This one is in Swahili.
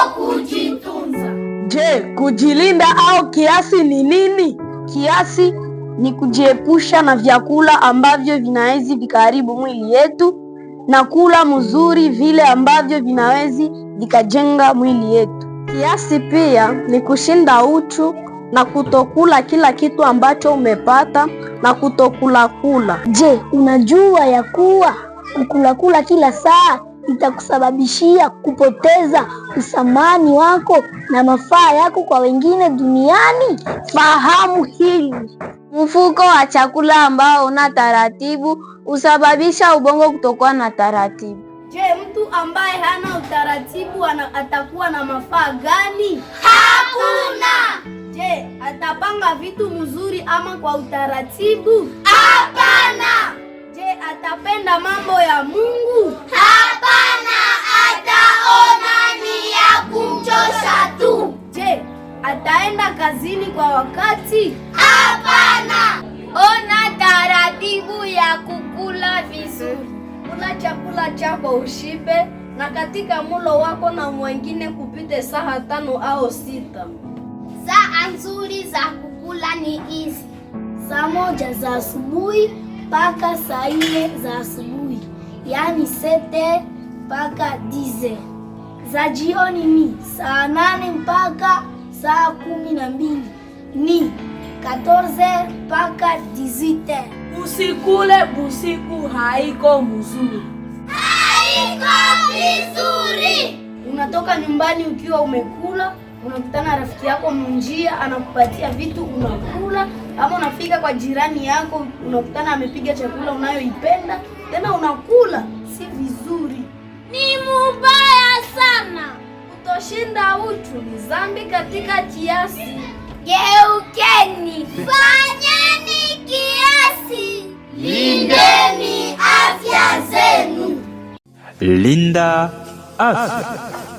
au kujitunza. Je, kujilinda au kiasi ni nini? Kiasi ni kujiepusha na vyakula ambavyo vinawezi vikaharibu mwili yetu na kula mzuri vile ambavyo vinawezi vikajenga mwili yetu. Kiasi pia ni kushinda uchu na kutokula kila kitu ambacho umepata na kutokula kula. Je, unajua ya kuwa kukulakula kila saa itakusababishia kupoteza usamani wako na mafaa yako kwa wengine duniani. Fahamu hili. Mfuko wa chakula ambao una taratibu husababisha ubongo kutokuwa na taratibu. Je, mtu ambaye hana utaratibu ana, atakuwa na mafaa gani? Hakuna. Je, atapanga vitu mzuri ama kwa utaratibu? Hapana. Je, atapenda mambo ya Mungu? ataenda kazini kwa wakati? Hapana. Ona taratibu ya kukula vizuri, kula chakula chako ushibe, na katika mulo wako na mwengine kupite saa tano au sita. Saa nzuri za kukula ni hizi: saa moja za asubuhi mpaka saa nne za asubuhi, yaani sete mpaka dize. Za jioni ni saa nane mpaka saa kumi na mbili ni 14 mpaka 18. Usikule busiku, haiko mzuri, haiko vizuri. Unatoka nyumbani ukiwa umekula, unakutana rafiki yako munjia anakupatia vitu unakula, ama unafika kwa jirani yako unakutana amepiga chakula unayoipenda, tena unakula, si vizuri ni Kushinda uchu ni dhambi katika kiasi. Geukeni, fanyeni kiasi, lindeni afya zenu. Linda afya.